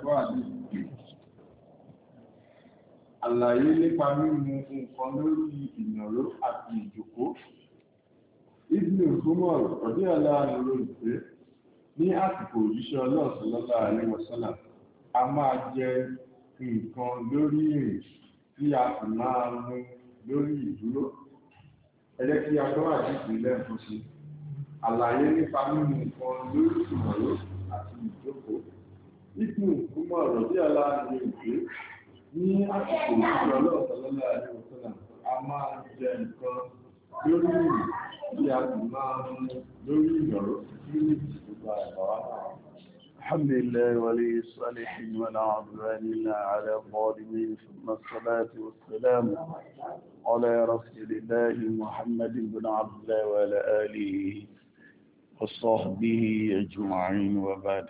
gbọ́ àbí àlàyé nípa mímu nǹkan lórí ìnàró àti ìjòkó ibi ògbómọ̀ ọ̀dí aláàrin lórí pé ní àsìkò òjíṣẹ́ ọlọ́ọ̀sọ́lọ́lá àríwọ̀sọ́là a máa jẹ nǹkan lórí ìrìn tí a sì máa mú lórí ìdúró ẹjẹ́ kí a gbọ́ àdìsí lẹ́ẹ̀kan sí àlàyé nípa mímu nǹkan lórí ìnàró àti ìjòkó ikú الحمد لله ولي الصالحين والعبانين على الظالمين ثم الصلاة والسلام على رسول الله محمد بن عبد الله وعلى آله وصحبه أجمعين وبعد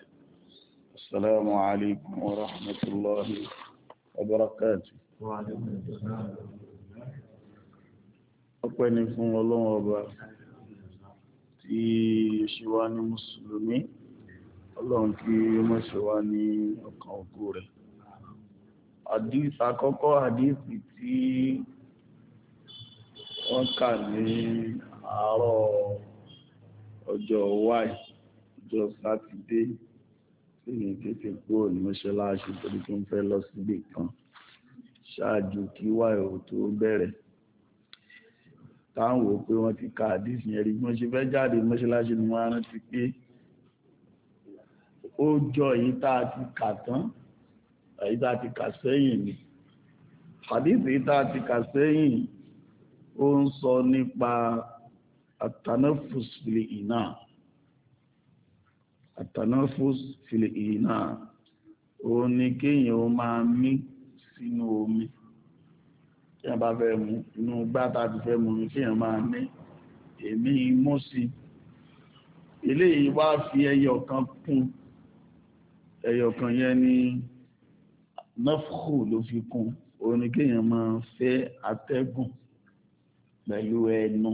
السلام عليكم ورحمة الله وبركاته ọpẹ́ ni fún ọlọ́run ọba tí ṣe ní mùsùlùmí ọlọ́run kí mọ́ ní ọkàn rẹ̀ àkọ́kọ́ tí wọ́n kà ní àárọ̀ ọjọ́ ọjọ́ sátidé èyí tètè kúrò ní mọ́ṣáláṣí torí tó ń fẹ́ lọ síbì kan ṣáájú kí wáyò tó bẹ̀rẹ̀ táwọn wò pé wọ́n ti ka àdísì yẹn rí bí wọ́n ṣe fẹ́ jáde mọ́ṣáláṣí ni wọ́n rántí pé ó jọ èyí tá a ti kà tán èyí tá a ti kà sẹ́yìn ni àdísì èyí tá a ti kà sẹ́yìn ó ń sọ nípa àtànáfùsìlì náà àtànáfòs fìlè ìná ó ní kéèyàn ó máa mí sínú omi tí wọ́n bá fẹ́ mu inú gbáta ti fẹ́ mu ní kéèyàn máa ní èmi mú sí eléyìí wá fi ẹyọ kan kún ẹyọ kan yẹn ní nọ́fù ló fi kún ó ní kéèyàn máa fẹ́ atẹ́gùn pẹ̀lú ẹnu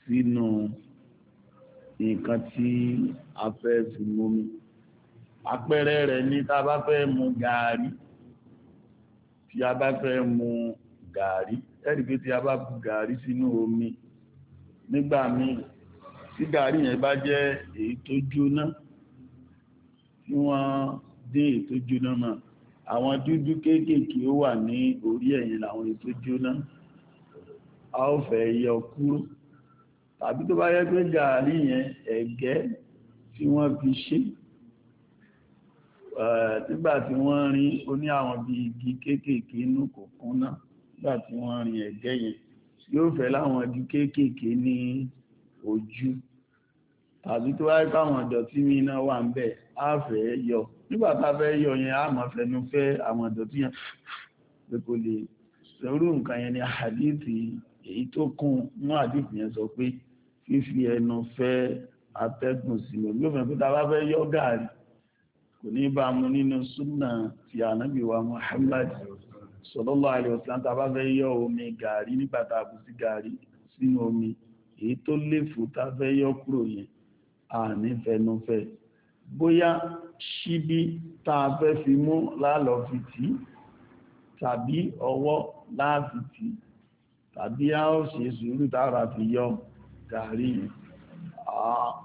sínú omi nǹkan tí a fẹ́ fi mómi àpẹẹrẹ rẹ̀ ní tá a bá fẹ́ mu gàárì tí a bá fẹ́ mu gàárì ẹ̀rí pé tí a bá bu gàárì sínú omi nígbà míì tí gàárì yẹn bá jẹ́ èyí tó jóná tí wọ́n dín èyí tó jóná mọ́ àwọn dúdú kéékèèké ó wà ní orí ẹ̀yìn làwọn èyí tó jóná a ó fẹ́ yọ kúrò tàbí tó bá yẹ pé gàárì yẹn ẹ̀gẹ́ tí wọ́n fi ṣe nígbà tí wọ́n rin ó ní àwọn bí igi kéékèèké inú kò kúnná nígbà tí wọ́n rin ẹ̀gẹ́ yẹn yóò fẹ́ láwọn igi kéékèèké ní ojú tàbí tó wáyé káwọn ìdọ̀tí mi iná wà ń bẹ̀ á fẹ́ yọ nígbà tá a fẹ́ yọ yẹn á mọ̀ fẹnu fẹ́ àwọn ìdọ̀tí yẹn pé kò lè sọrú nǹkan yẹn ni àdìtì èyí tó kún mú àdìtì yẹn sọ pé fífi ẹnu fẹ́ atẹ́gùn sínú omi òfin pé tàbá fẹ́ yọ gààrí kò ní bá mu nínú súnà ti ànábì wa Muhammad sallallahu alaihi wasallam tàbá fẹ́ yọ omi gààrí nígbà tá a kù sí gààrí sínú omi èyí tó léfò tá a fẹ́ yọ kúrò yẹn àní fẹnufẹ́ bóyá ṣíbí tá a fẹ́ fi mú lálọ́ fi tì tàbí ọwọ́ láàfi tì tàbí a ó ṣe sùúrù tára fi yọ tààrí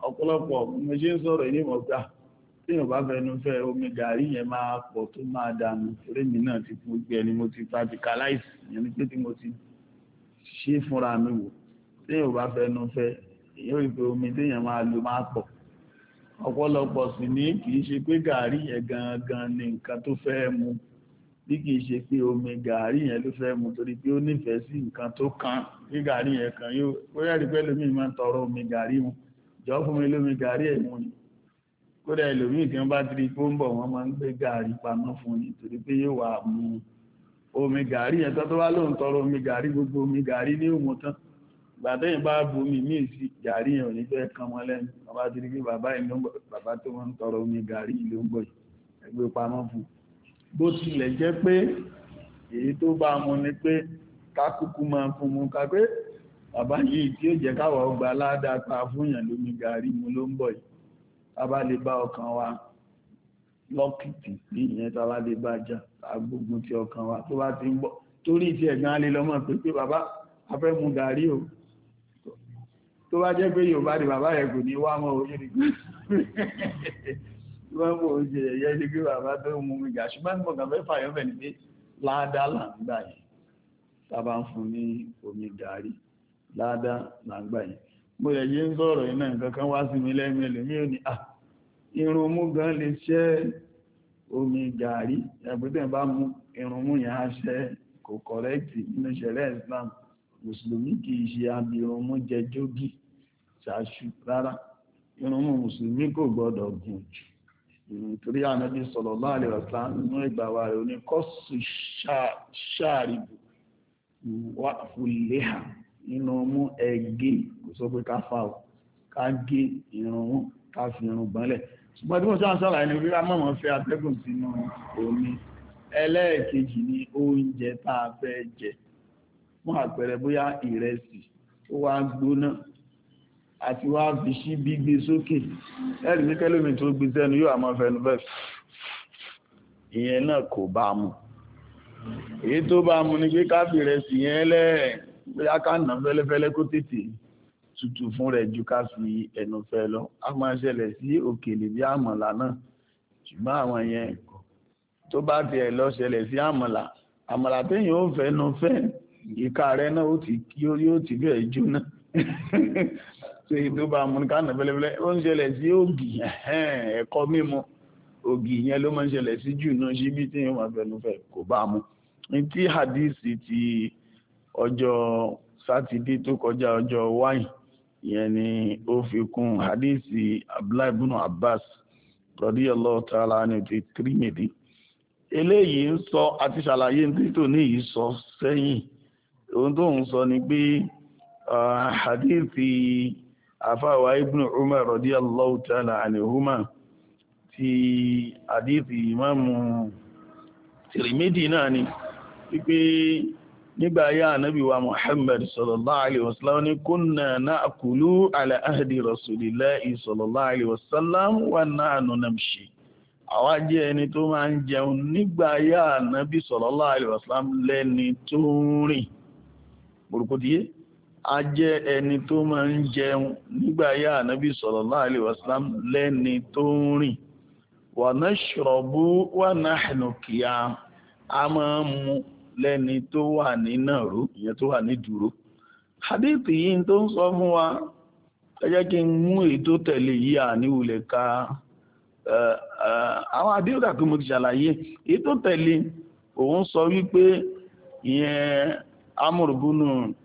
ọ̀pọ̀lọpọ̀ mo ṣe ń sọ̀rọ̀ ní ọ̀gá tí yóò bá fẹnu fẹ́ omi gàrí yẹn máa pọ̀ tó máa dànù torí mi náà ti fún gbẹ ni mo ti practicalize yẹn ni pé tí mo ti ṣe fúnra mi wò tí yóò bá fẹnu fẹ́ yóò rí pé omi téèyàn máa lò máa pọ̀ ọ̀pọ̀lọpọ̀ sì ní kì í ṣe pé gàrí yẹn gangan ni nǹkan tó fẹ́ mu bí kìí ṣe pé omi gàárì yẹn ló fẹ́ mu torí pé ó nífẹ̀ẹ́ sí nǹkan tó kàn kí gàárì yẹn kan yóò kódà rí pé lómi máa ń tọrọ omi gàárì mu jọ fún mi lómi gàárì ẹ̀ mu ni kódà ẹlòmíì tí wọ́n bá ti rí pé ó ń bọ̀ wọ́n máa ń gbé gàárì pamọ́ fún ni torí pé yóò wà mu omi gàárì yẹn tó tó wá lóun tọrọ omi gàárì gbogbo omi gàárì ní òmù tán gbàtẹ́yìn bá bu omi míì sí gàárì yẹn ò ní fẹ́ kan wọn lẹ́nu bó tilẹ̀ jẹ́ pé èyí tó bá mú ni pé kákùkù máa fún mú ká pé bàbá yìí tí ó jẹ́ káwà ọgbà aládàpá fúnyàn lómi gàrí mú ló ń bọ̀ yìí tàbá lè bá ọkàn wa lọ́kìtì ní ìyẹn tàbá lè bá jà agbógun ti ọkàn wa tó bá ti ń bọ̀ torí ti ẹ̀gbọ́n alẹ́ lọ́mọ pé pé bàbá a fẹ́ mú gàrí o tó bá jẹ́ pé Yorùbá ni bàbá yẹn kò ní wá mọ́ orí wọ́n mọ̀ ó ṣe ẹ̀yẹ́ ṣe pé bàbá tó mú mi gà ṣùgbọ́n mọ̀ kàn fẹ́ fàyọ́ bẹ̀ ni pé láàdá là ń gbà yìí tábà ń fún ní omi gàárì láàdá là ń gbà yìí mo lè yé ń sọ̀rọ̀ iná nǹkan kan wá sí mi lẹ́nu ẹlòmíì ò ní à irun mú gan lè ṣẹ́ omi gàárì ẹ̀bùtẹ̀ bá mú irun mú yẹn á ṣẹ́ kò kọ̀rẹ́ẹ̀tì nínú ìṣẹ̀lẹ̀ Islam mùsùlùmí kì í ṣe abirunmú jẹ jógì ṣáṣù rárá irunmú mùsùlùmí kò gbọdọ̀ gùn jù Mm, torí ànábì sallallahu alaihi wasallam nínú ìgbà wa rẹ̀ oní kọ́sù ṣáàrìbù mm, wà fúléhà nínú mú ẹgé kò sọ pé ká fà ó ká gé irun ká fi irun gbọ́nlẹ̀ ṣùgbọ́n tí wọ́n sáà sọ́lá ẹni rírá mọ̀mọ́ fẹ́ atẹ́gùn sínú omi ẹlẹ́ẹ̀kejì ní oúnjẹ tá a fẹ́ jẹ fún àpẹẹrẹ bóyá ìrẹsì ó wá gbóná àti wá fi sí bí gbé sókè ẹ̀rì ní kẹ́lómi tó gbé sẹ́nu yóò àmọ́ fẹ́nu bẹ́ẹ̀ ìyẹn náà kò bá mu èyí tó bá mu ni pé káfí rẹ̀ sì yẹn lẹ́ bóyá ká nà fẹ́lẹ́fẹ́lẹ́ kó tètè tutù fún rẹ̀ ju ká fi ẹnu fẹ́ lọ a máa ṣẹlẹ̀ sí òkèlè bí àmàlà náà ṣùgbọ́n àwọn yẹn tó bá tiẹ̀ lọ ṣẹlẹ̀ sí àmàlà àmàlà téèyàn ó fẹ́nu fẹ́ ìka rẹ̀ náà ó ti bẹ̀ẹ́ jóná so èyí tó bá mú ká nà fẹ́lẹ́fẹ́lẹ́ ó ń ṣẹlẹ̀ sí ògì ẹ̀kọ́ mímu ògì yẹn ló máa ń ṣẹlẹ̀ sí jù náà ṣíbí tí yóò máa fẹnu fẹ́ kò bá mu ní tí hadisi ti ọjọ́ sátidé tó kọjá ọjọ́ wáìn ìyẹn ni ó fi kún hadisi abdullahi ibn abbas radiyallahu ta'ala anhu ti Tirmidhi eléyìí ń sọ àti ṣàlàyé ní títò ní yìí sọ sẹ́yìn ohun tó ń sọ ni pé ah, hadithi àfáwà ibn umar radiyallahu ta'ala anihuma ti àdífì imamu tirimidi náà ni wípé nígbà ayé ànábì wa muhammad sallallahu alaihi wasallam ní kunna na'kulu ala ahdi rasulillahi sallallahu alaihi wasallam wa nahnu namshi àwa jẹ́ ẹni tó máa ń jẹun nígbà ayé ànábì sallallahu alaihi wasallam lẹ́ni tó ń rìn burúkú díẹ̀ a jẹ ẹni tó máa ń jẹun nígbà yá ànábì sallallahu alaihi wasallam lẹ́ni tó ń rìn wa nashrabu wà a máa ń mu lẹ́ni tó wà ní nàró ìyẹn tó wà ní dúró hadith yìí tó ń sọ fún wa ẹ kí n mú èyí tó àwọn àdéhùkà pé mo ti ṣàlàyé èyí tó tẹ̀lé òun sọ wípé ìyẹn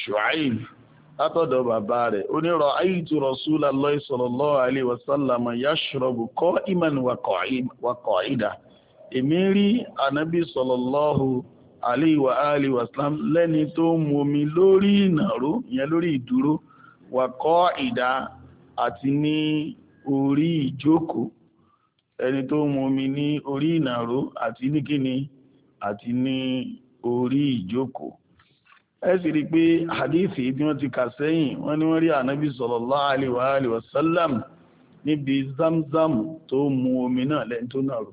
Shu'aib látọ̀dọ̀ bàbá rẹ̀ ó ní ra'aytu Rasulallahi sallallahu alaihi wasallam yashrabu qa'iman wa qa'ida èmi rí ànábì sallallahu alaihi wa alihi wasallam lẹ́ni tó ń mu omi lórí ìnàró ìyẹn lórí ìdúró wa qa'ida àti ní orí ìjókòó ẹni tó ń mu omi ní orí ìnàró àti ní kíni àti ní orí ìjókòó ẹ sì rí i pé hadisi tí wọ́n ti kà sẹ́yìn wọ́n ní wọ́n rí ànábì sallallahu alaihi wa sallam níbi zamzam tó mu omi náà lẹ́yìn tó nàró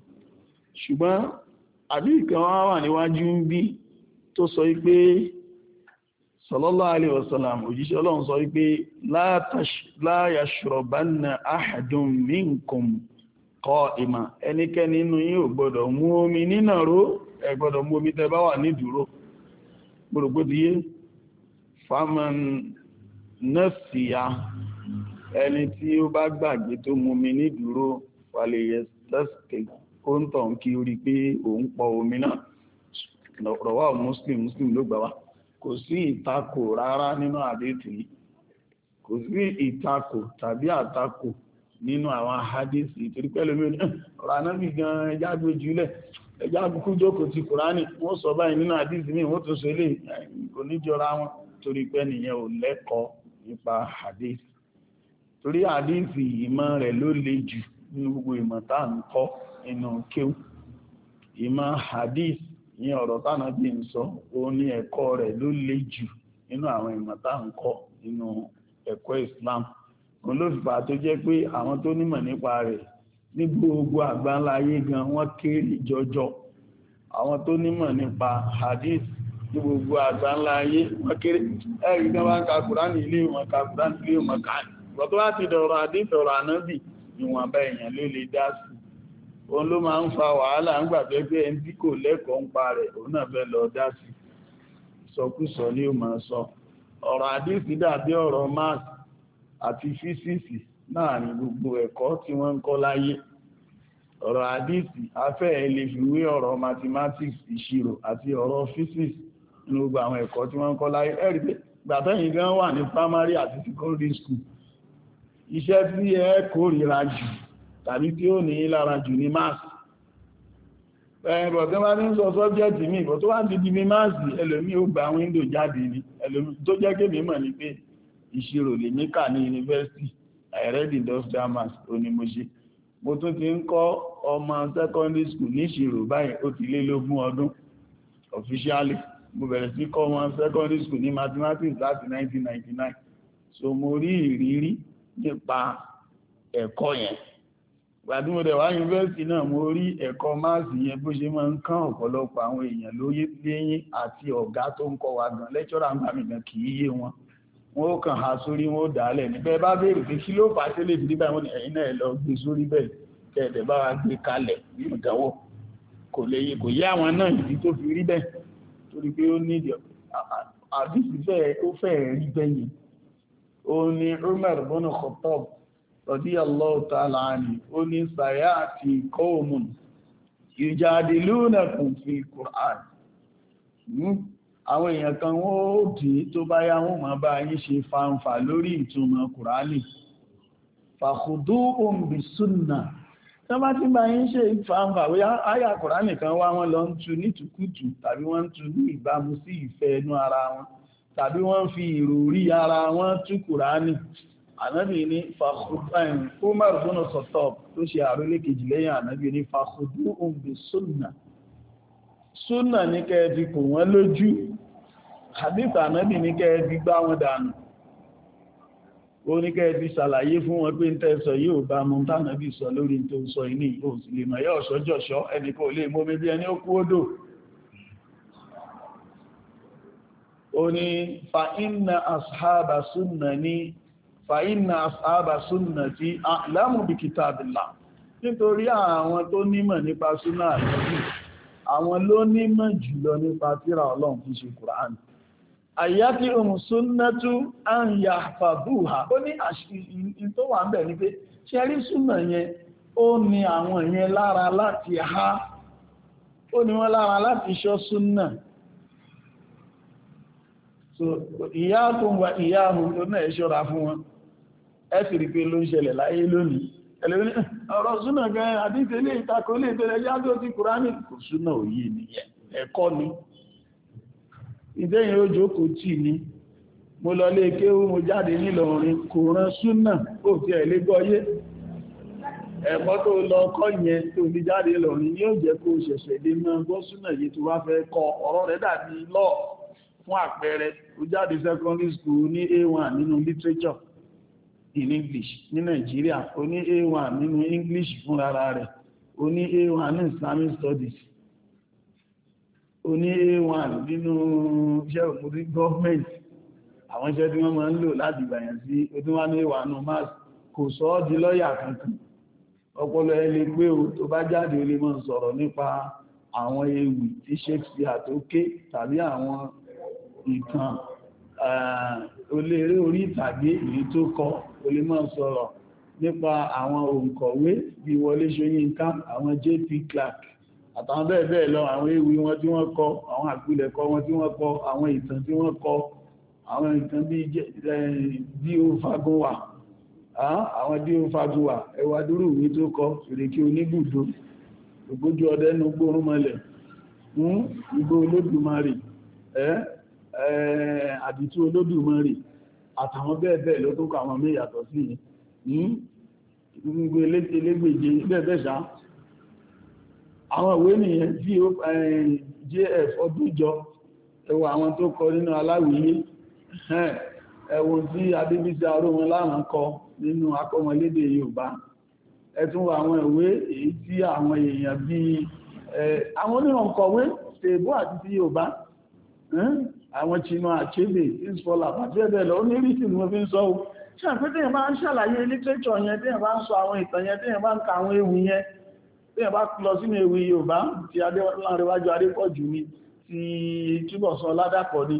ṣùgbọ́n hadisi kan wá wà níwájú ń bí tó sọ pé sallallahu alaihi wa sallam òjíṣẹ́ ọlọ́run sọ wípé la gbòrògbòdìyé faman nọ́ọ̀sìyà ẹni tí ó bá gbàgbé tó mú mi ní dúró wàlẹ̀yẹ tẹ́sìkè ó ń tàn kí muslim muslim ló gbà wá kò sí ìtakò rárá nínú àdéhùn yìí kò sí ìtakò tàbí àtakò nínú àwọn hadisi torí pẹ̀lú mi ọ̀rọ̀ ẹjá kúkú jókòó ti kùránì wọ́n sọ báyìí nínú àdíìsì míì wọ́n tó ṣe lè kò wọn torí pẹ́ nìyẹn ò lẹ́kọ̀ọ́ nípa àdíìsì torí àdíìsì ìmọ̀ rẹ̀ ló le jù nínú gbogbo ìmọ̀ ń kọ́ ìmọ̀ ní ọ̀rọ̀ ẹ̀kọ́ rẹ̀ ló le jù nínú àwọn ìmọ̀ ń kọ́ ẹ̀kọ́ Islam ní gbogbo àgbáńlá ayé gan wọ́n kéré jọjọ àwọn tó nímọ̀ nípa hadith ní gbogbo àgbáńlá ayé wọ́n kéré ẹ̀rí gan wá ń ka kùránì ilé wọn ka kùránì ilé wọn ká ìgbọ́ tó láti dọ̀rọ̀ hadith ọ̀rọ̀ ànábì ìwọ̀nba èèyàn ló lè dá sí òun ló máa ń fa wàhálà ń gbàgbé pé ẹni tí kò lẹ́kọ̀ọ́ ń pa rẹ̀ òun náà fẹ́ lọ dá sí sọkúsọ ni ó máa sọ ọ̀rọ̀ hadith dàbí ọ̀rọ̀ math àti físíìsì láàrin gbogbo ẹ̀kọ́ tí wọ́n ń kọ́ láyé ọ̀rọ̀ àdíìsì afẹ́ ilé fìwé ọ̀rọ̀ mathematics ìṣirò àti ọ̀rọ̀ physics ní gbogbo àwọn ẹ̀kọ́ tí wọ́n ń kọ́ láyé ẹ̀rí pé gbàtẹ́yìn gan wà ní primary àti secondary school iṣẹ́ tí ẹ kórìíra jù tàbí tí ó ní lára jù ní math ẹ̀rọ̀ tí wọ́n ní sọ sọ́jẹ́tì mi ìbọ̀ tó wá ti di mi máàsì ẹlòmí ó gba window jáde ní ẹlòmí tó jẹ́ kémi mọ̀ ní pé ìṣirò lè mí kà ní yunifásitì I read industrial maths onímọ̀ṣe mo tún ti ń kọ́ ọmọ secondary school níṣirò báyìí ó ti lé lógún ọdún officially mo bẹ̀rẹ̀ sí kọ́ ọmọ secondary school ní mathematics láti 1999 so mo rí ìrírí nípa ẹ̀kọ́ yẹn gbàdí mo dẹ̀ wá yunifásitì náà mo rí ẹ̀kọ́ máàsì yẹn bó ṣe máa ń kán ọ̀pọ̀lọpọ̀ àwọn èèyàn lóyé léyìn àti ọ̀gá tó ń kọ́ wa gan lẹ́kṣọ́rà ń gbà mí gan kì í yé wọn wọ́n ó kàn ha sórí wọ́n ó dálẹ̀ níbẹ̀ bá béèrè pé kí ló fà á tẹ́lẹ̀ bí nígbà wọn ẹ̀yin náà lọ gbé sórí bẹ́ẹ̀ kẹ̀ẹ̀dẹ̀ bá wa gbé kalẹ̀ ní ìdánwò kò lè yé kò yé àwọn náà ìdí tó fi rí bẹ́ẹ̀ torí pé ó ní àdìsí bẹ́ẹ̀ ó fẹ́ẹ̀ rí bẹ́yìn ó ní Umar bin Khattab radiyallahu ta'ala anhu ó ní sayati qawmun yujadilunakum fil Qur'an hmm? àwọn èèyàn kan wọ́n ó dì í tó bá yá wọ́n máa bá yín ṣe fanfà lórí ìtumọ̀ kùránì fàkùdú òǹbì súnà tó bá ti bá yín ṣe fanfà bóyá àyà kùránì kan wá wọ́n lọ ń tu nítùkùtù tàbí wọ́n ń tu ní ìbámu sí ìfẹ́ inú ara wọn tàbí wọ́n ń fi ìròrí ara wọn tú kùránì ànábì ní fàkùdú Umar bin Khattab ní fàkùdú òǹbì kò wọ́n lójú hadith ànábì ní kẹ́ ẹbí gbá wọn dànù ó ní kẹ́ ẹbí ṣàlàyé fún wọn pé ń tẹ́sọ yóò bá mú tánàbì sọ lórí tó sọ iní yóò sì lè mọ̀ yóò ṣọ́jọ́ṣọ́ ẹnìkan olè mọ́mí bí ẹni ó kú ódò ó ní fa'inna ashaba sunnani fa'inna ashaba sunnati a'lamu bi kitabillah nítorí àwọn tó nímọ̀ nípa súnà àwọn ló nímọ̀ jùlọ nípa tírà Ọlọ́run kìí ṣe Kùránì àyàtí ohun súnnẹ́tú àyà fàbúhà ó ní àṣìyìn tó wà ń bẹ̀ ní pé ṣẹ́rí súnnà yẹn ó ní àwọn yẹn lára láti ha ó ní wọ́n lára láti ṣọ́ súnnà so ìyá tó ń wa ìyá ahùn ló náà ṣọ́ra fún wọn ẹ sì rí pé ló ń ṣẹlẹ̀ láyé lónìí ẹlẹ́wọ́n ìdẹ́yìn ojú ó kò tì ní mo lọ lé kéwú mo jáde nílọrin kò rán súnà ó ti ẹ̀lé gbọ́yé ẹ̀kọ́ tó lọ kọ́ yẹn tó ní jáde lọ́rin yóò ó jẹ́ kó ṣẹ̀ṣẹ̀ dé mọ́ gbọ́ súnà yìí tó wá fẹ́ kọ ọ̀rọ̀ rẹ̀ dàbí lọ́ fún àpẹẹrẹ ó jáde secondary school ní A1 nínú literature in English ní Nàìjíríà ó ní A1 nínú English fúnra rẹ̀ ó ní A1 ní Islamic studies oní a1 nínú iṣẹ́ òmúrí gọ́ọ̀mẹ́ntì àwọn iṣẹ́ tí wọ́n máa ń lò láti gbàyàn sí ojúwá ní ìwà nù mars kò sọ ọ́ di lọ́yà kankan ọpọlọ ẹ lè pé o tó bá jáde o lè mọ́ sọ̀rọ̀ nípa àwọn ewì tí Shakespeare tó ké tàbí àwọn ìtàn olèrè orí ìtàgé ìlú tó kọ o lè mọ́ sọ̀rọ̀ nípa àtàwọn bẹ́ẹ̀ bẹ́ẹ̀ lọ àwọn ewì wọn tí wọ́n kọ àwọn àpilẹ̀kọ wọn tí wọ́n kọ àwọn ìtàn tí wọ́n kọ àwọn ìtàn bí díòfagunwà àwọn díòfagunwà ẹwà dúró ìwé tó kọ ìrèké oníbùdó ògbójú ọdẹ ẹnu gbórún mọ́lẹ̀ fún igbó olódùmarè àdìtú olódùmarè àtàwọn bẹ́ẹ̀ bẹ́ẹ̀ ló tó kọ àwọn mẹ́yàtọ̀ sí ní gbogbo elégbèje bẹ́ẹ̀ bẹ́ẹ̀ sáà àwọn ìwé nìyẹn eh, jf ọdúnjọ ẹwọ àwọn tó kọ nínú aláwìyé ẹwọ tí adébísí aró wọn láwọn kọ nínú akọmọlédè yorùbá ẹtún àwọn ìwé èyí tí àwọn èèyàn bí àwọn oníràn kọ̀wé tèbó àti ti yorùbá àwọn chinua achebe isfola àti ẹ̀bẹ̀ lọ ní rísì ni wọ́n fi ń sọ ṣe àpẹtẹ̀yàn bá ń ṣàlàyé lítẹ́tọ̀ yẹn tẹ́yàn bá ń sọ àwọn ìtàn yẹn tẹ́yàn bá ń ka àwọn ewu yẹn tí ẹ bá lọ sínú ewì Yorùbá ti adéwájú adépọ̀jù ni ti túbọ̀sán ládàpọ̀ ni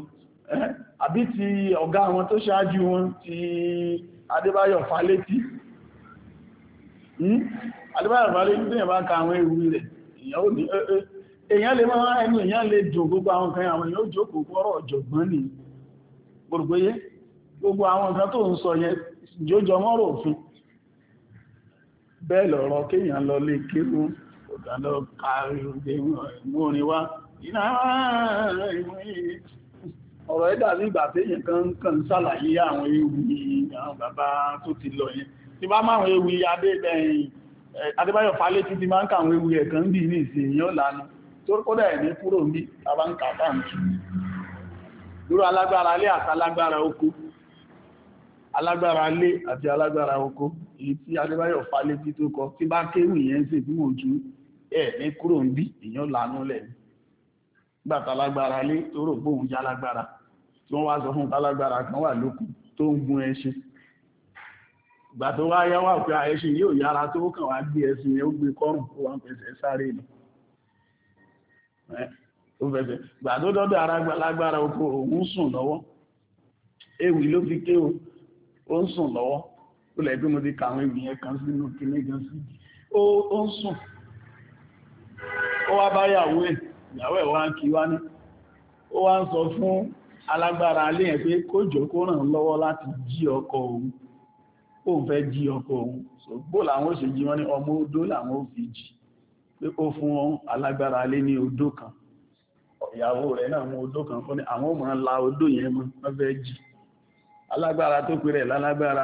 àbí ti ọ̀gá wọn tó ṣáájú wọn ti adébáyọ̀ falétí hmm? adébáyọ̀ falétí tí ẹ bá ka àwọn ewì rẹ̀ èèyàn lè máa ẹnu èèyàn lè dùn gbogbo àwọn kan àwọn èèyàn ó jókòó kọ́rọ̀ ọ̀jọ̀gbọ́n ni gbogbo àwọn nǹkan tó ń sọ yẹn jójọ mọ́rọ̀ òfin bẹ́ẹ̀ lọ̀rọ̀ kéèyàn lọ lè kéwú ọ̀gá lọ ka ìmú orin wá iná ìmú ọ̀rọ̀ ẹ̀dà ní ìgbà téèyàn kan kan ṣàlàyé àwọn ewì àwọn bàbá tó ti lọ yẹn tí bá máa ewì adébẹ̀yìn eh, adébáyọ̀ falẹ́ títí máa ń ka àwọn ewì ẹ̀kan bí ní ìsìn èèyàn lánàá tó kódà ẹ̀ ní kúrò ní àbáǹkà báǹkì lórí alágbára alé àti alágbára oko alágbára alé àti alágbára oko èyí tí adébáyọ̀ fálétí tó kọ tí bá kéwù yẹn sì tí mò ń ju ẹ̀ ní kúrò ń bí èèyàn lànà lẹ̀ gbàtà lágbára lé tó rò pé òun já lágbára tí wọ́n wá sọ fún tálágbára kan wà lókun tó ń gun ẹṣin ìgbà tó wá yá wà pé ẹṣin yóò yára tó kàn wá gbé ẹṣin yẹn ó gbé kọ́rùn ó wà ń pèsè sáré ni ó fẹsẹ̀ gbà tó dọ́dọ̀ ara oko òun sùn lọ́wọ́ ewì ló fi ké o ó ń sùn lọ́wọ́ ó lẹ́ pé mo ti ka àwọn ènìyàn kan sínú kíní gan sí ó ń sùn ó wá báyàwó ẹ̀ ìyàwó ẹ̀ wá ń kí wá ní ó wá ń sọ fún alágbára alé ẹ̀ pé kó jọ kó ràn lọ́wọ́ láti jí ọkọ òun ó fẹ́ jí ọkọ òun so bó làwọn ó ṣe jí wọ́n ní ọmọ odó làwọn ó fi jí pé ó fún alágbára alé ní odó kan ìyàwó rẹ̀ náà mú odó kan fún ní àwọn ò mọ̀ la odó yẹn mọ́ wọ́n fẹ́ jí alágbára tó pèrè lálágbára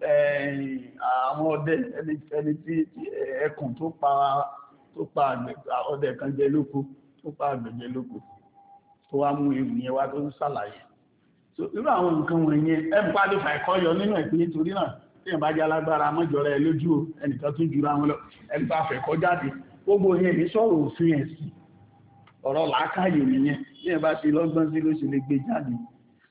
Eh, àwọn ọdẹ ẹni tí ẹkùn tó pa tó pa ọdẹ kan jẹ lóko tó pa àgbẹ̀jẹ lóko tó wá mú ewu yẹn wá tó ń ṣàlàyé so irú àwọn nǹkan wọ̀nyẹn ẹ̀bùpá ló fà ẹ̀kọ́ yọ nínú ẹ̀pẹ́ nítorí náà tí ìyẹn bá jẹ́ alágbára mọ́jọ́rẹ́ ẹ lójú ẹnìkan tún jura wọn lọ ẹ̀bùpá fẹ̀kọ́ jáde gbogbo yẹn ní sọ̀rọ̀ òfin ẹ̀sìn ọ̀rọ̀ làákàyè nìyẹn tí ìyẹn bá ti lọ́gbọ́n sí ló ṣe lè gbé jáde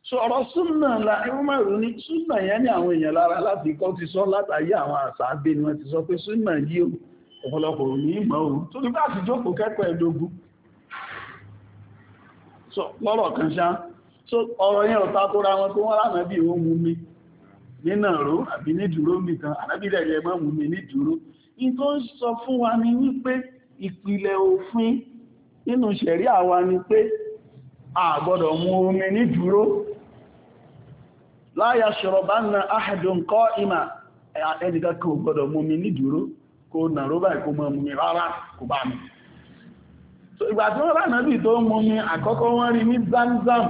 sọ̀rọ̀ súnà láìmọ̀rù ní súnà yẹn ní àwọn èèyàn lára láti kọ́ ti sọ látàyé àwọn àṣàbẹ̀ ni wọ́n ti sọ pé súnà yí o ọ̀pọ̀lọpọ̀ ní ìmọ̀ òun tó ní bá ti jókòó kẹ́kọ̀ọ́ ẹ̀dógún lọ́rọ̀ kan ṣá ọ̀rọ̀ yẹn ò takora wọn tó wọ́n lánàá bí wọ́n mú mi nínà ró àbí ní dúró mi kan àbí rẹ̀ yẹ mú omi ní dúró láyà ṣọ̀rọ̀bánà áhàdùn kọ́ ìmà ẹnìkan kò gbọdọ̀ mú mi ní dúró kò nà róbà kò mọ́ mú mi rárá kò bá mi so ìgbà tí wọ́n ránà bí tó mú mi àkọ́kọ́ wọ́n rí ní zamzam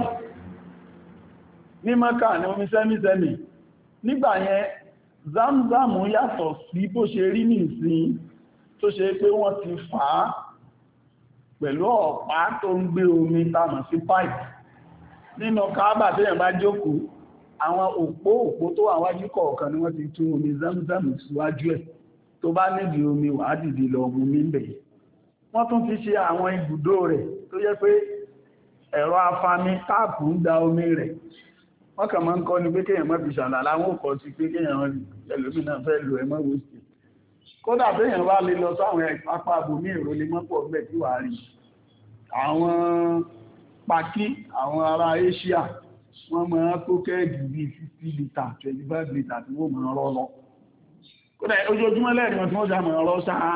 ní maka ní omi sẹ́mìsẹ́mì nígbà yẹn zamzam yàtọ̀ sí bó ṣe rí ní ìsìn tó ṣe pé wọ́n ti fà á pẹ̀lú ọ̀pá tó ń gbé omi tamọ̀ sí pipe nínú káábà tó yẹn bá jókòó àwọn òpó òpó tó wà wájú kọ̀ọ̀kan ni wọ́n ti tún omi zamzam síwájú ẹ̀ tó bá níbi omi wàá dìde lọ mu mi ń bẹ̀ wọ́n tún fi ṣe àwọn ibùdó rẹ̀ tó yẹ pé ẹ̀rọ afami táàpù ń da omi rẹ̀ wọ́n kàn máa ń kọ́ ni pé kéèyàn má fi ṣàlà láwọn òkọ̀ sí pé kéèyàn ẹlòmínà fẹ́ lo ẹ̀mọ́ wòsàn kódà téèyàn bá lè lọ sáwọn apá abòmí Asia wọ́n máa tó kẹ́ẹ̀gì bí 50 litre 25 litre tí wọ́n máa rọ́ lọ kódà ojoojúmọ́ lẹ́ẹ̀rin tí wọ́n já máa rọ́ sáà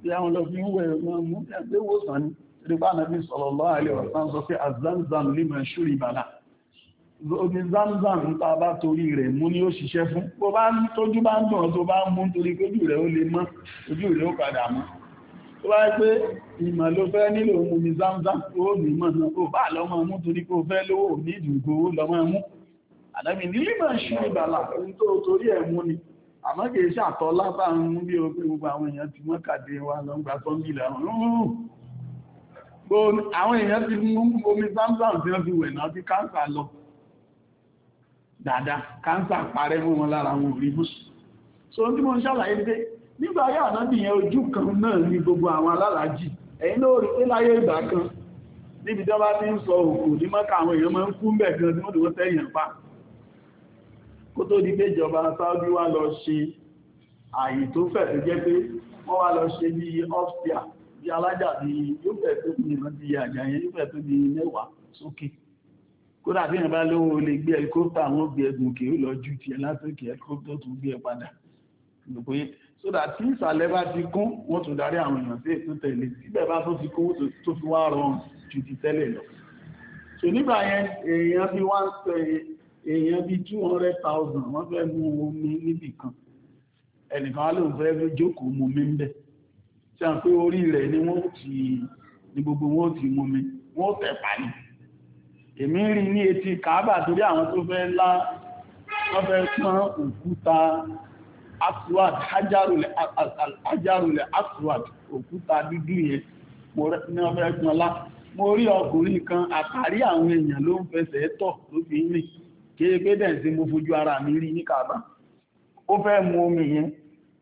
bí àwọn lọ fi ń wẹ̀ wọn mú pé wò sàn ní azamzam liman shuribala omi zamzam ń ta bá torí rẹ̀ mú ní òṣìṣẹ́ fún bó bá ń tójú bá ń dùn tó bá ń mú torí pé ojú rẹ̀ ó le tó wá pé ìmọ̀ ló fẹ́ nílò mú mi zamzam ó mi mọ̀ náà ó bá lọ́mọ mú torí pé ó fẹ́ lówó ní ìdùgbò lọ́mọ mú àdámi nílé máa ṣe ìbàlà tó torí ẹ̀ mú ni àmọ́ kìí ṣàtọ́ lábá ń mú bí ogun gbogbo àwọn èèyàn ti mọ́ kàdé wa lọ́gbà sọ́ngìlẹ̀ ọ̀rún àwọn èèyàn ti mú omi zamzam tí wọ́n fi wẹ̀ náà tí káńsà lọ dáadáa káńsà parẹ́ mọ́ wọn lára wọn nígbà ayé ànábì yẹn ojú kan náà ní gbogbo àwọn alálàájì ẹ̀yìn náà rí pé láyé ìgbà kan níbi tó bá ti ń sọ òkú ní mọ́ka àwọn èèyàn máa ń kú mẹ́ gan tí wọ́n tó tẹ́yàn pa kó tó di pé ìjọba Saudi wá lọ ṣe àyè tó fẹ̀ tó jẹ́ pé wọ́n wá lọ ṣe bí ọ́fíà bí alájà bí yóò fẹ̀ tó ní ìran ti àjà yẹn yóò fẹ̀ tó di mẹ́wàá sókè kódà bí ìyẹn bá lówó lè gbé ẹlikópítà wọn gbé ẹgùn kì í lọ ju tiẹ̀ látòkè ẹlikópítà tó gbé ẹ padà so that tí are bá ti kún wọ́n tún darí àwọn èèyàn sí ètò tẹ̀lé síbẹ̀ bá tó ti kún tó fi wá rọrùn ju ti tẹ́lẹ̀ lọ so nígbà yẹn èèyàn bí wọ́n sọ èèyàn bí 200,000 wọ́n fẹ́ mú omi níbìkan ẹnìkan á lóun fẹ́ jókòó mú mi ń bẹ̀ tí a pé orí rẹ̀ ni wọ́n ti ní gbogbo wọ́n ti mú mi wọ́n tẹ̀pá ní èmi rí ní etí kàábà torí àwọn tó fẹ́ lá wọ́n fẹ́ tán òkúta aswad hajarul aswad òkúta dúdú yẹn ní ọmọ ẹ̀sùn ọlá mo rí ọkùnrin kan àtàrí àwọn èèyàn ló ń fẹsẹ̀ tọ̀ ló fi ń rìn kéé pé dẹ̀sí mo fojú ara mi rí ní kàbá ó fẹ́ mu omi yẹn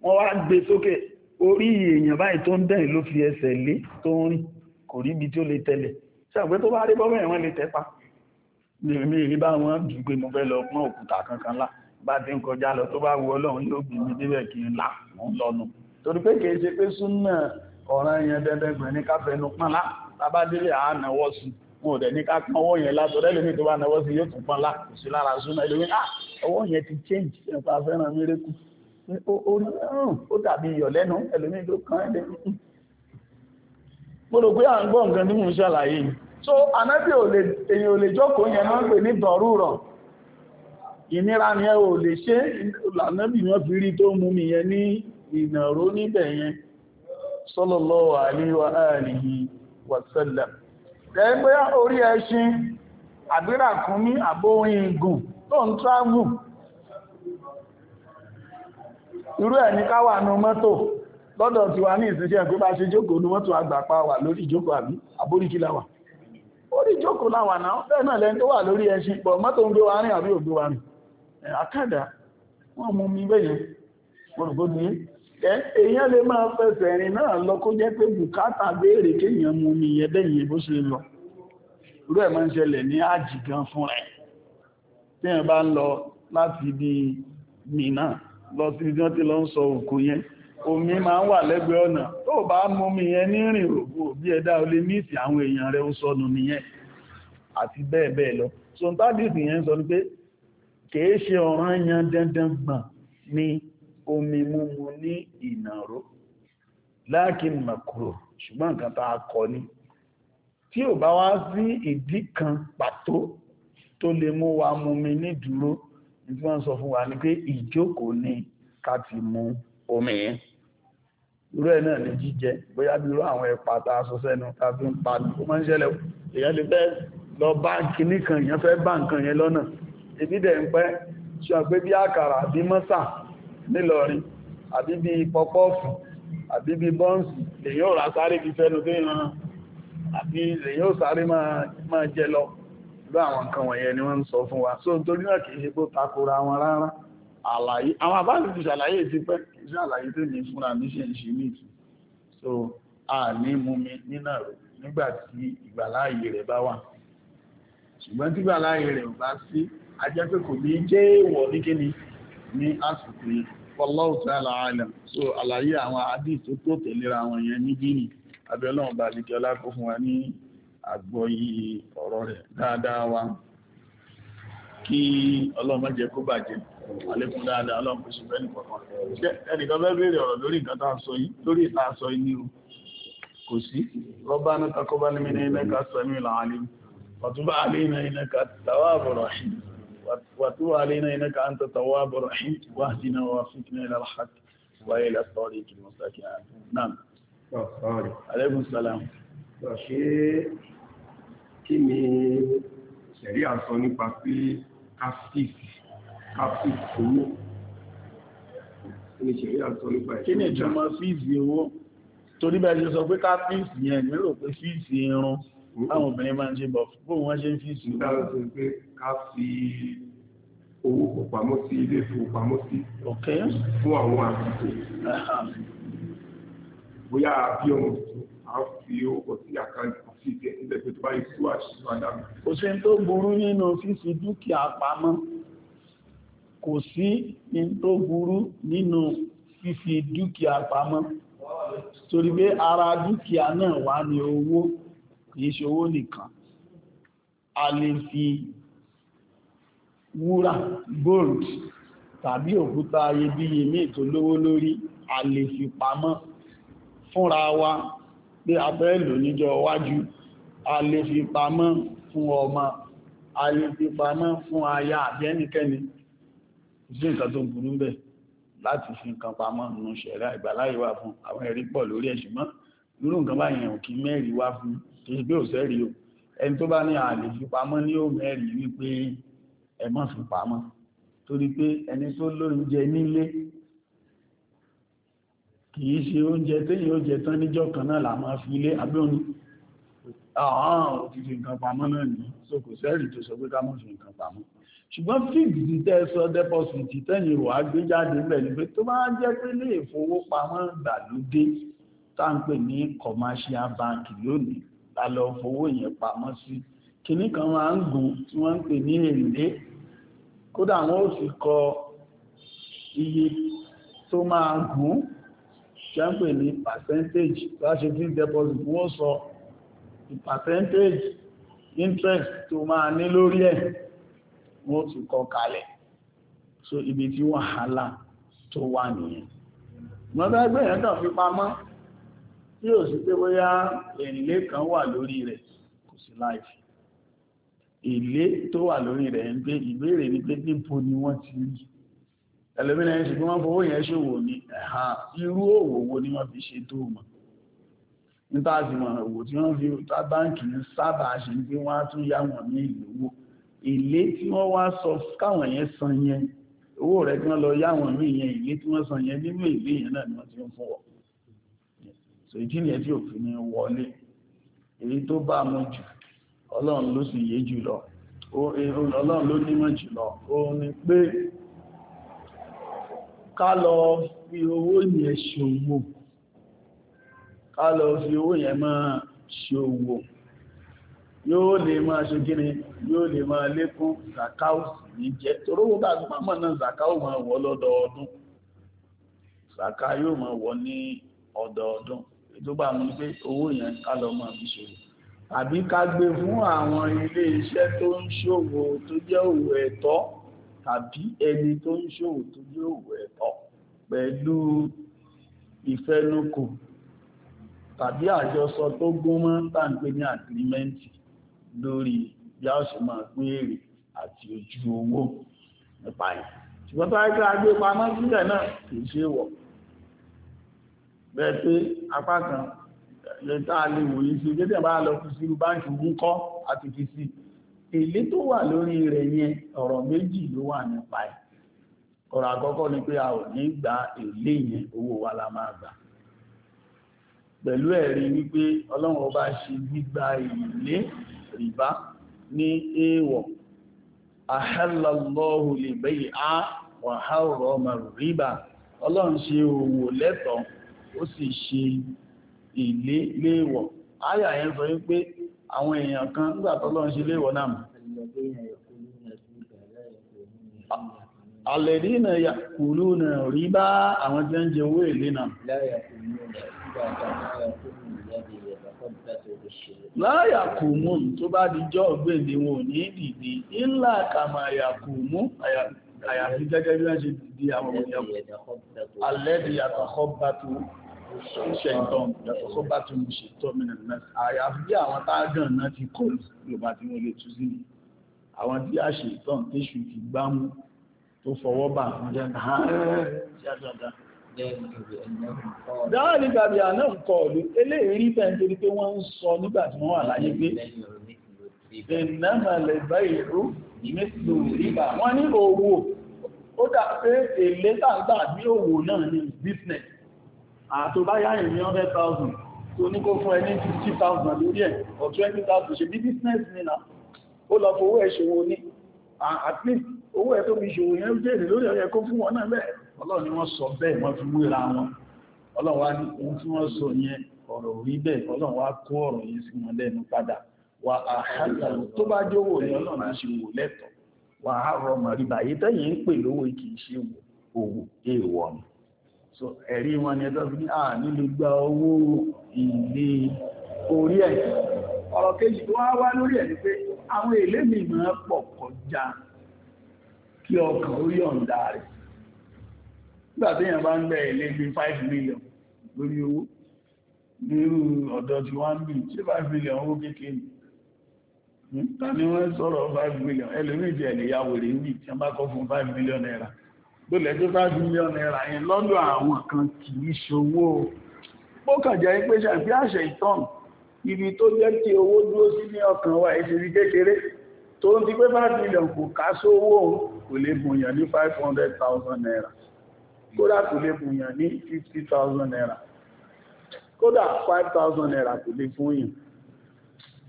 wọ́n wá gbé sókè orí èèyàn báyìí tó ń dẹ̀yìn ló fi ẹsẹ̀ lé tó ń rìn kò rí ibi tí ó lè tẹ̀lẹ̀ ṣàgbé tó bá rí bọ́mọ̀ ẹ̀wọ̀n lè tẹ́pa mi rí bá wọn dùn pé mo fẹ́ lọ pọ́n òkúta kankan láà bá ti ń kọjá lọ tó bá wù ọlọ́run yóò gbé mi débẹ̀ kí n là ń lọ́nu torí pé kìí ṣe pé súnà ọ̀ràn yẹn dẹ́dẹ́gbẹ̀ẹ́ ní káfẹ́nu pọ́nlá tàbá délé àánàwọ́ sí wọn ò dẹ̀ ní ká pọ́nwọ́ yẹn látọ̀rẹ́ lómi tó bá náwọ́ sí yóò tún pọ́nlá kò sí lára súnà ìlú ah, ọwọ́ yẹn ti change nípa fẹ́ràn mérekù hmm, ó dàbí iyọ̀ lẹ́nu ẹlòmí tó kàn ẹ́ lẹ́nu mo rò pé à ń gbọ́ nǹkan tí mo ń ṣàlàyé so ànábì èèyàn ò lè jókòó yẹn náà ń pè ní dọ̀rúrọ̀ ìnira ni ẹ ò lè ṣe lànàbì wọ́n fi rí tó mú mi yẹn ní ìnàró níbẹ̀ yẹn sallallahu alaihi wa alihi wa sallam ẹgbẹ́ orí ẹṣin àbíràkúnmí àbóhìn gùn tó ń tráàmù irú ẹ̀ ní káwà nú mọ́tò lọ́dọ̀ tí wà ní ìsinṣẹ́ pé bá ṣe jókòó ní mọ́tò àgbàpá wà lórí ìjókòó àbí àbóríkí láwà orí ìjókòó láwà náà bẹ́ẹ̀ náà lẹ́ni tó wà lórí ẹṣin pọ̀ mọ́tò ń gbé wa rìn àbí ògbé wa rìn àkádà wọ́n mú mi bẹ́yẹn gbọ́dọ̀gbọ́dọ̀ yẹ́ èèyàn lè máa fẹsẹ̀ rìn náà lọ kó jẹ́ pé bùkátà béèrè kéèyàn mú mi yẹ bẹ́yẹn bó ṣe lọ irú ẹ̀ máa ń ṣẹlẹ̀ ní àjì gan fún rẹ̀ téèyàn bá ń lọ láti ibi mìíràn lọ sí ibi tí wọ́n ti lọ ń sọ òkú yẹn omi máa ń wà lẹ́gbẹ̀ẹ́ ọ̀nà tó bá mú mi yẹn ní rìn òkú bí ẹ̀dá olè míìsì àwọn èèyàn rẹ̀ ó sọnù nìyẹn àti bẹ́ẹ̀ bẹ́ẹ̀ lọ so n tàbí yẹn sọ ni pé kìí ṣe ọ̀ràn yan dandan gbọ̀n ní omi múmu ní ìnàró láàkín mọ̀kúrò ṣùgbọ́n nǹkan tá a kọ ní tí ò bá wá sí ìdí kan pàtó tó lè mú wa mumi ní dúró tí wọ́n sọ fún wa ní pé ìjókòó ní ká ti mu omi yẹn irú ẹ̀ náà ní jíjẹ bóyá bí irú àwọn ẹ̀pà tá a sọ sẹ́nu tá a fi ń pa ó máa ń ṣẹlẹ̀ èèyàn lè fẹ́ lọ bá kinní kan èèyàn fẹ́ bá nǹkan yẹn lọ́nà èmi dẹ̀ ń pẹ́ ṣùgbọ́n pé bí àkàrà àbí mọ́sà nílọrin àbí bí pọpọ́ọ̀fù àbí bí bọ́ǹsì lèyìn ò rà sáré fi fẹ́nu tó yàn àbí lèyìn ò sáré máa jẹ lọ lọ àwọn nǹkan wọ̀nyẹn ni wọ́n ń sọ fún wa so nítorí náà kìí ṣe pé takora wọn rárá àlàyé àwọn àbáàlù ti ṣàlàyé ti pẹ́ kìí ṣe àlàyé tó ní fúnra mi ṣe ń ṣe ní ìtù so a ní mú mi nínà rò nígbà tí ìgbàláàyè rẹ̀ bá wà ṣùgbọ́n tí ìgbàláàyè rẹ̀ ò bá sí ajẹ́ pé kò ní jẹ́ èèwọ̀ ní kíni ní àsìkò yìí wallahu ta'ala alam so àlàyé àwọn àdí tó tó tẹ̀lera wọn yẹn ní gíní abẹ́lọ́wọ̀n bá lè jọlá kó fún wa ní àgbọ́yé ọ̀rọ̀ rẹ̀ dáadáa wa kí ọlọ́run má jẹ́ kó bàjẹ́ àlékún dáadáa ọlọ́run kò sí bẹ́ẹ̀ nìkan kan ẹnìkan bẹ́ẹ̀ béèrè àlè ọ̀túnbá àlè ní ilẹ̀ ká وتب علينا إنك أنت التواب الرحيم واهدنا ووفقنا إلى الحق وإلى الطريق المستقيم نعم عليكم السلام ṣe kí ni ṣẹ̀rí àṣọ nípa pé káfíìsì káfíìsì owó kí ni ṣẹ̀rí àṣọ nípa ìṣẹ́ kí ni ìjọmọ̀ fíìsì owó torí bẹ́ẹ̀ sọ pé káfíìsì yẹn mérò pé fíìsì irun báwọn obìnrin máa ń ṣe bọ̀ fún wọ́n ṣe ń fi sí owó pàpamọ́ sí ilé ìfowópamọ́ sí fún àwọn àsìkò uh-huh. bóyá bí ọmọ tuntun a fi owó pọ̀ sí àkáǹtì sí ìjẹ́ ilẹ̀ pé tó bá yí sí àṣìṣe àdámù. kò sí tó burú nínú fífi dúkìá pamọ́ kò sí ní tó burú nínú fífi dúkìá pamọ́ torí pé ara dúkìá náà wà ní owó kìí ṣe owó nìkan a lè fi wúrà gold tàbí òkúta ayébíye ní ètò lówó lórí a lè fi pamọ́ fúnra wa pé abẹ́ lò níjọ́ iwájú a lè fi pamọ́ fún ọmọ a lè fi pamọ́ fún aya àbí ẹnikẹ́ni sí nǹkan tó burú bẹ̀ láti fi nǹkan pamọ́ nù ṣẹ̀rẹ́ ìgbàláyé fún àwọn ẹ̀rí pọ̀ lórí ẹ̀ṣùgbọ́n nínú nǹkan báyìí ò kí mẹ́rin wá fún kìí pé òṣẹ́ rí o ẹni tó bá ní àlè fipamọ́ ní ó mẹ́rin wípé ẹ má fipamọ́ torí pé ẹni tó lóúnjẹ nílé kìí ṣe oúnjẹ téyìn oúnjẹ tán níjọ́ kan náà là máa fi ilé abẹ́oní àwọn òtítì nǹkan pamọ́ náà ní so kò sẹ́rì tó sọ pé ká mọ́ fi nǹkan pamọ́ ṣùgbọ́n fíìsì tẹ́ sọ dẹ́pọ̀sìtì tẹ́yìn rò á gbé jáde bẹ̀ ni pé tó bá jẹ́ pé ilé ìfowópamọ́ gbàlódé táǹpè ní commercial bank lónìí la lọ fowó yẹn pamọ́ sí kinní kan máa ń gùn tí wọ́n ń pè ní èlé kódà wọ́n ó sì kọ iye tó máa gùn tí wọ́n pè ní percentage láṣẹ tí deposit wọ́n sọ percentage interest tó máa ní lórí ẹ̀ wọ́n sì kọ kalẹ̀ so ibi tí wàhálà tó wà nìyẹn mọ́tàgbẹ̀yẹn kàn fi pamọ́ tí ò sí pé bóyá èlé kan wà lórí rẹ̀ kò sí láìsí èlé tó wà lórí rẹ̀ ń gbé ìbéèrè ní pé níbo ni wọ́n ti rí ẹlòmínà ẹ̀ sì pé wọ́n fowó yẹn ṣòwò ní ẹ̀hà irú òwò wo ni wọ́n fi ṣe tó mọ̀ níta sì mọ̀ òwò tí wọ́n fi ta báǹkì ní sábà ṣe ń gbé wọ́n á tún yá wọn ní ìlówó èlé tí wọ́n wá sọ káwọn yẹn san yẹn owó rẹ̀ tí wọ́n lọ yá wọn ní ìyẹn èlé tí wọ́n san yẹn nínú èlé yẹn náà ni wọ́n ti ń fọwọ́ so ìdí nìyẹn tí òfin ní wọlé èyí tó bá mú jù ọlọ́run ló sì yé jùlọ e, ọlọ́run ló nímọ̀ jùlọ ó ní pé ká lọ fi owó yẹn ṣòwò ká lọ fi owó yẹn máa ṣòwò yóò lè máa ṣe gíní yóò lè máa lékún zakao ní jẹ́ torówó tàbí pàmọ́ náà zakao máa wọ́ lọ́dọọdún zaka yóò máa wọ́ ní ọdọọdún tó bá mú pé owó yẹn ká lọ mọ fi ṣòwò tàbí ká gbé fún àwọn ilé iṣẹ́ tó ń ṣòwò tó jẹ́ òwò ẹ̀tọ́ tàbí ẹni tó ń ṣòwò tó jẹ́ òwò ẹ̀tọ́ pẹ̀lú ìfẹnukò tàbí àjọsọ tó gúnmọ́ tàǹpé ní àgírímẹ́ǹtì lórí bí a ṣe máa pín èrè àti ojú owó nípa ẹ̀ ṣùgbọ́n tó wáyé tó agbé pamọ́ sílẹ̀ náà kì í ṣe wọ̀ bẹ́ẹ̀ pé apá kan lẹ́ta lè wòye sí gẹ́gẹ́ bá lọ fi sí báńkì ń kọ́ àti fi sí èlé tó wà lórí rẹ̀ yẹn ọ̀rọ̀ méjì ló wà nípa ẹ̀ ọ̀rọ̀ àkọ́kọ́ ni pé a ò ní gba èlé yẹn owó wa la máa gbà pẹ̀lú ẹ̀rí wípé ọlọ́run ọba ṣe gbígba èlé rìbá ní èèwọ̀ ahẹ́lọ́lọ́hùn lè bẹ́yìí á wàhálà ọmọ rìbá ọlọ́run ṣe òwò lẹ́tọ̀ọ́ ó sì ṣe ilé léèwọ̀ ayà yẹn sọ wípé àwọn èèyàn kan nígbà tọ́lọ́run ṣe léèwọ̀ náà àlẹ̀rí na yàkùlú na rí bá àwọn tí ó ń jẹ owó èlé náà láyàkùmù tó bá dijọ́ ọ̀gbẹ̀ndé wọn ò ní dìde ńlá kàmà yàkùmù àyàfi gẹ́gẹ́ bí wọ́n ṣe dìde àwọn ènìyàn alẹ́dìyàtọ̀ ṣe ìtàn ìyàtọ̀ tó bá ti mú ṣe tọ́ mìíràn náà àyàfi bí àwọn tágàn náà ti kó ìjọba tí wọ́n lè tú sí ni àwọn tí a ṣe ìtàn tẹ́ṣù ti gbámú tó fọwọ́ bà fún jẹ́ dáadáa dáàlì gàbí àná ǹkọ̀ ọ̀lú eléèrí tẹ́ntorí pé tí wọ́n wà láyé pé ìnámàlẹ̀ àtò bá yá ìrìn 100,000 tó ní kó fún ẹni 50,000 lórí ẹ̀ or 20,000 ṣe bí business nínà ó lọ fowó ẹ̀ ṣòwò ní at least owó ẹ̀ tó fi ṣòwò yẹn lórí ọ̀yẹ́ kó fún wọn náà bẹ́ẹ̀ ọlọ́run ni wọ́n sọ bẹ́ẹ̀ wọ́n fi wọn ọlọ́run wá kó ọ̀rọ̀ yìí sí wọn lẹ́nu padà wà tó bá jówó ni ọlọ́run ṣe wò lẹ́tọ̀ọ́ wà á rọ màrí bàyí tẹ́yìn ń pè lówó kì í ṣe òwò èèwọ̀ ni so ẹ̀rí wọn ni ẹjọ́ fi ní à ah, nílò gba owó ilé orí ẹ̀ ọ̀rọ̀ kejì tó wá wá lórí ẹ̀ ni pé àwọn èlé mi máa pọ̀ kọjá kí ọkàn ó yọ̀ǹda rẹ̀ nígbà tí èèyàn bá ń gbẹ èlé bíi five million lórí owó nírú ọ̀dọ̀ tí wọ́n ń ṣé five million owó kékeré hmm? ta ni wọ́n sọ̀rọ̀ five million ẹlòmíì ti ẹ̀ lè yá wèrè ń bì tí wọ́n bá kọ́ fún five million naira gbọ́lẹ̀ tó bá mílíọ̀n náírà yẹn lọ́dọ̀ àwọn kan kì í ṣòwò ó kàn jẹ́ pé ṣàbí àṣẹ ìtàn ibi tó jẹ́ kí owó dúró sí ní ọkàn wa ìṣèlú kékeré tó ń ti pé bá mílíọ̀n kò ká sówó kò lè bùnyàn ní five hundred thousand naira kódà kò lè bùnyàn ní fifty thousand naira kódà five thousand naira kò lè fún yàn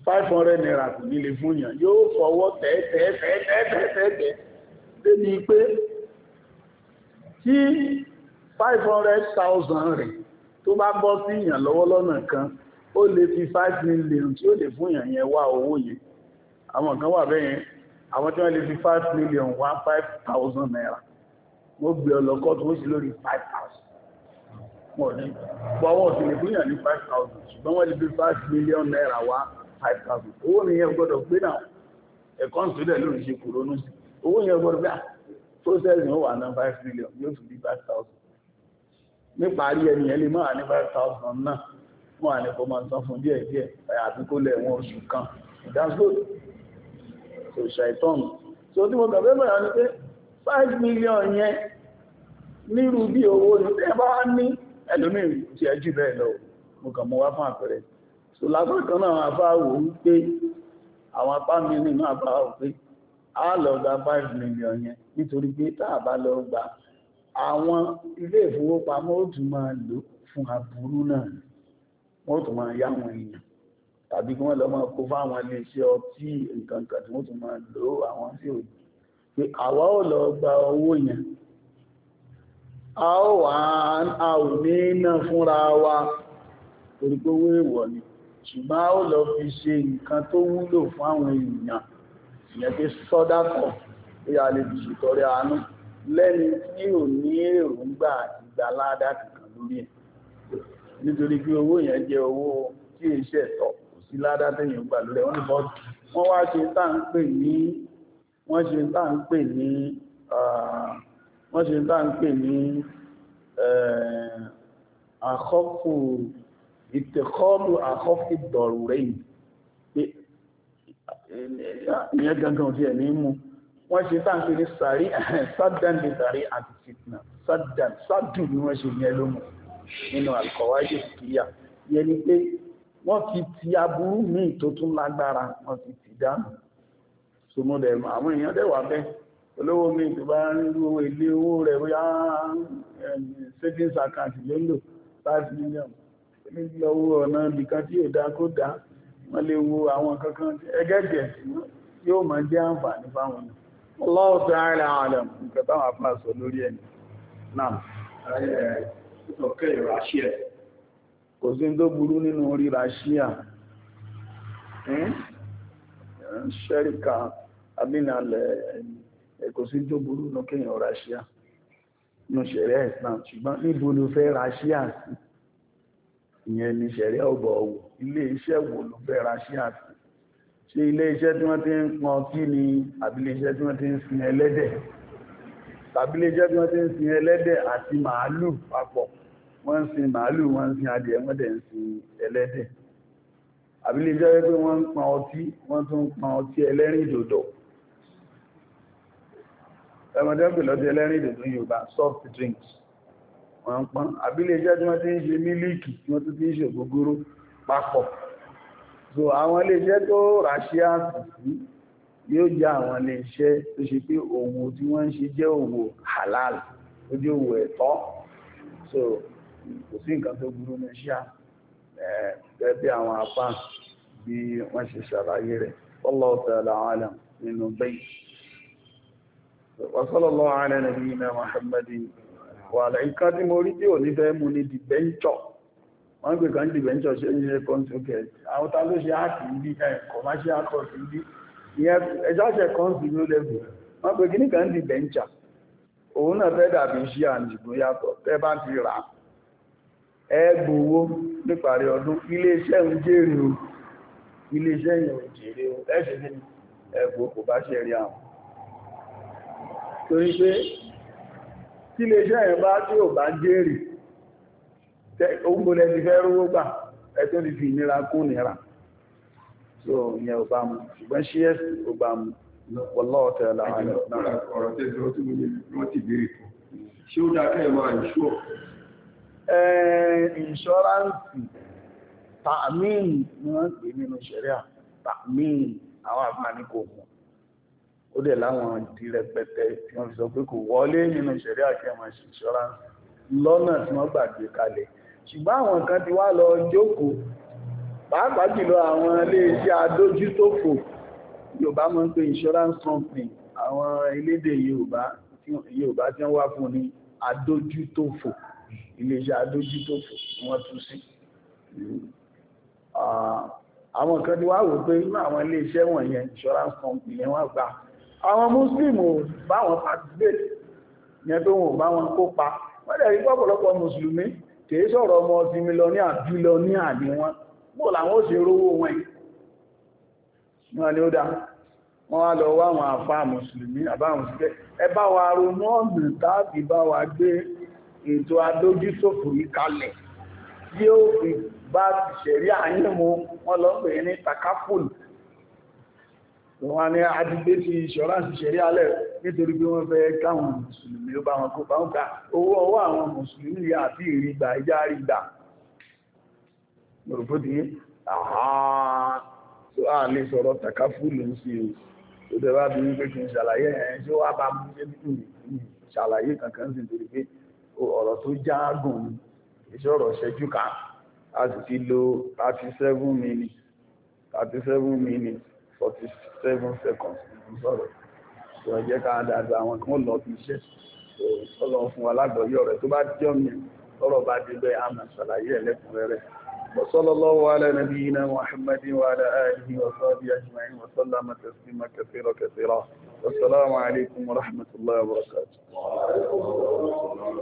five hundred naira kò ní lè fún yàn yóò fọwọ́ tẹ́ẹ̀tẹ́ẹ̀tẹ́ẹ̀tẹ́ẹ̀tẹ́ẹ̀ débi pé tí 500,000 rẹ̀ tó bá bọ́ sí èèyàn lọ́wọ́ lọ́nà kan ó lè fi 5 million tí ó lè fún èèyàn yẹn wá owó yẹn àwọn kan wà bẹ́yẹn àwọn tí wọ́n lè fi 5 million wá 5,000 naira wọ́n gbé ọ lọ́kọ́ tó sì lórí 5,000 wọ́n ní bọ́wọ́ sí lè fún èèyàn ní 5,000 ṣùgbọ́n wọ́n lè fi 5 million naira wá 5,000 owó nìyẹn gbọ́dọ̀ gbé náà ẹ̀kọ́ ń sílẹ̀ lórí ṣe kòrónú sí owó yẹn gbọ́dọ̀ gbé processing ó wà ná five million yóò tún di five thousand níparí ẹni ẹ lè má wà ní five thousand náà Mo wà ní kó máa san fún díẹ̀ díẹ̀ àti kó lẹ̀ wọn oṣù kan that's good so ṣàìtọ́nù so tí mo kàn fẹ́ bẹ̀rẹ̀ ni pé five million yẹn nírú bí owó ní tẹ́ bá wá ní ẹlòmíì ti ẹjú bẹ́ẹ̀ lọ mo kàn mọ́ wá fún àpẹẹrẹ so lápá kan náà àwọn afáwò wípé àwọn apá mi nínú àbáwò pé a lọ gba five million yẹn nítorí pé tá a bá lọ gba àwọn ilé ìfowópamọ́ ó tún máa lò fún aburú náà wọ́n tún máa yá àwọn èèyàn tàbí kí wọ́n lọ máa kó fáwọn iléeṣẹ́ ọtí nǹkan tí wọ́n tún máa lò àwọn tí ò pé àwa ò lọ gba owó yẹn a ó wà á ò ní ná fúnra wa torí pé owó èèwọ̀ ni ṣùgbọ́n a ó lọ fi ṣe nǹkan tó wúlò fún àwọn èèyàn ìyẹn pé sọ́dákọ̀ pé a lè fi ṣètọrẹ àánú lẹ́ni tí ò ní èròǹgbà ìgbà ládàá kankan lórí ẹ̀ nítorí pé owó yẹn jẹ́ owó tí è ṣe ẹ̀tọ́ kò sí ládàá tẹ̀yìn gbà lórí ẹ̀ wọ́n ní wọ́n wá ṣe tá à ń pè ní wọ́n ṣe tá à ń pè ní wọ́n ṣe tá à ń pè ní àkọ́kù ìtẹ̀kọ́lù àkọ́kù dọ̀rù ìyẹn gangan ti ẹ̀ ní mú wọ́n ṣe tá ń pè ní sàárì sádàn ní sàárì àti fitna sádàn sádùn ni wọ́n ṣe yẹn lómù nínú àkọ̀wájú ìkìyà yẹn ni pé wọ́n fi ti aburú míì tó tún lágbára wọ́n fi ti dánù sọmọ dẹ̀ àwọn èèyàn dẹ̀ wà bẹ́ẹ̀ olówó míì tó bá ń rú owó ilé owó rẹ̀ bóyá savings account ló ń lò five million lọ́wọ́ ọ̀nà nìkan tí yóò dá kó dáa wọ́n lè wo àwọn kankan ẹgẹ́gẹ́ yóò máa jẹ́ àǹfààní fáwọn ọ̀nà Allahu ta'ala alam nǹkan táwọn afá sọ lórí ẹni náà kò sí tó burú nínú ríra ṣíà ṣẹ́ríkà abínalẹ̀ sí tó burú nínú kíyàn ṣẹ̀rẹ́ ìyẹn ni ṣẹ̀rí ọ̀bọ̀ ọ̀wọ̀ ilé iṣẹ́ wo ló fẹ́ ra ṣí àti ṣe ilé iṣẹ́ tí wọ́n ti ń pọn kí ni àbílé iṣẹ́ tí wọ́n ti ń sin ẹlẹ́dẹ̀ tàbílé iṣẹ́ tí wọ́n ti ń sin ẹlẹ́dẹ̀ àti màálù papọ̀ wọ́n ń sin màálù wọ́n ń sin adìẹ wọ́n dẹ̀ ń sin ẹlẹ́dẹ̀ àbílé iṣẹ́ wípé wọ́n ń pọn ọtí wọ́n tún ń pọn ọtí ẹlẹ́rìn dòdò ẹmọdé soft drinks pọ̀npọ̀n àbílẹ̀ iṣẹ́ tí wọ́n ti ń ṣe mílíìkì tí wọ́n tún ti ń ṣe ògógóró papọ̀ so àwọn iléeṣẹ́ tó ràṣíà sì sí yóò jẹ́ àwọn iléeṣẹ́ tó ṣe pé òwò tí wọ́n ń ṣe jẹ́ òwò halal ó jẹ́ òwò ẹ̀tọ́ so kò sí nǹkan tó burú ní ṣíà gẹ́gẹ́ bí àwọn apá bí wọ́n ṣe ṣàlàyé rẹ̀ wallahu ta'ala alam nínú bẹ́ẹ̀ وصلى الله على نبينا محمد wàlẹ̀ nǹkan tí mo rí tí ò ní fẹ́ mú ní dìbẹ́ńtọ̀ wọ́n gbé kan dìbẹ́ńtọ̀ ṣe ní ẹ̀kọ́ntọ́kẹ̀ àwọn ta ló ṣe áàkì bí commercial cost bí ẹjọ́ṣẹ̀ kọ́ǹsì ló lẹ́gbù wọ́n gbé kíní kan dìbẹ́ńtà òun náà fẹ́ dàbí iṣẹ́ àǹdìgbò yàtọ̀ tẹ́ bá ti rà á ẹ gbowó níparí ọdún iléeṣẹ́ ń jèrè o iléeṣẹ́ yẹn jèrè o ẹ̀ṣẹ̀ ní ẹ̀gbọ́ kò bá ṣe rí àwọn torí pé tí lè ṣe ẹ̀bá tí ò bá jẹ́rì oúnbọ̀lẹ̀ ti fẹ́ rówó gbà ẹ̀tọ́ ti fi ìnira kún nira so ìyẹn ò bá mú ṣùgbọ́n ṣí ẹ̀sì ò bá mú wọlọ́ọ̀tẹ̀ láàárín ọ̀rọ̀ tẹ́sí ọtí mi mọ̀ ó dẹ̀ láwọn ìdí rẹpẹtẹ tí wọ́n fi sọ pé kò wọlé nínú ìṣẹ̀rí àti ẹ̀mọ̀ insurance lọ́nà tí wọ́n gbàgbé kalẹ̀ ṣùgbọ́n àwọn kan ti wá lọ jókòó pàápàá jùlọ àwọn iléeṣẹ́ adójútòfò Yorùbá mọ̀ pé insurance company àwọn elédè Yorùbá Yorùbá tí wọ́n wá fún ní adójútòfò iléeṣẹ́ adójútòfò wọ́n tún sí àwọn kan ti wá wò pé inú àwọn iléeṣẹ́ wọ̀nyẹn insurance company ni wọ́n gbà àwọn muslim ò bá wọn participate yẹn tó wọn ò bá wọn kópa wọ́n dẹ̀ rí pọ̀pọ̀lọpọ̀ mùsùlùmí kìí sọ̀rọ̀ ọmọ ti mílọ́níà bílọ́níà ní wọn bó làwọn ó ṣe rówó wọn wọn ni ó dá wọ́n wá lọ wá àwọn àfá mùsùlùmí àbáwọn sílẹ̀ ẹ bá wa ronú ọ̀nà tàbí bá wa gbé ètò adójútòfò yìí kalẹ̀ tí ó fi bá ti ṣẹ̀rí àyẹ̀mú wọn lọ́pẹ̀ ní takaful wọ́n ní àdìgbé ti ìṣọ́ránsì ṣẹ̀rí alẹ́ nítorí pé wọ́n fẹ́ káwọn mùsùlùmí ó bá wọn kó báwọn ká owó ọwọ́ àwọn mùsùlùmí yà àti ìrìgbà ìjà àrígbà mọ̀rọ̀fódì tó à lè sọ̀rọ̀ tàkà fúlù ń sí o tó tẹ́wà bí wípé kí n ṣàlàyé ẹ̀ ṣé wà bá mú ṣàlàyé kankan sí torí pé ọ̀rọ̀ tó jágùn ìṣọ́rọ̀ ṣẹ́jú ká a sì ti lo 37 minutes 37 minutes Forty-seven seconds sọ̀rọ̀ tó ẹ jẹ́ ká dáadáa àwọn kan lọ fi iṣẹ́ sọ́lọ́ fún wa lágbọ̀ọ́yé ọ̀rẹ́ tó bá jọ́ mi lọ́rọ̀ bá dé bẹ́ẹ̀ àmà ṣàlàyé ẹ̀lẹ́kùnrẹ́rẹ́ وصلى الله على نبينا محمد وعلى آله وصحبه أجمعين وسلم تسليما كثيرا كثيرا والسلام عليكم ورحمة الله وبركاته